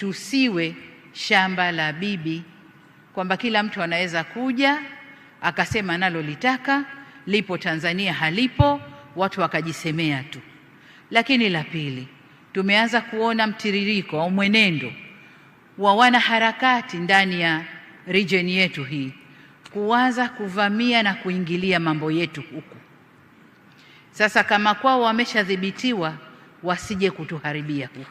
tusiwe shamba la bibi, kwamba kila mtu anaweza kuja akasema nalo litaka lipo Tanzania, halipo watu wakajisemea tu. Lakini la pili, tumeanza kuona mtiririko au mwenendo wa wanaharakati ndani ya region yetu hii kuanza kuvamia na kuingilia mambo yetu huku. Sasa kama kwao wameshadhibitiwa, wasije kutuharibia huku.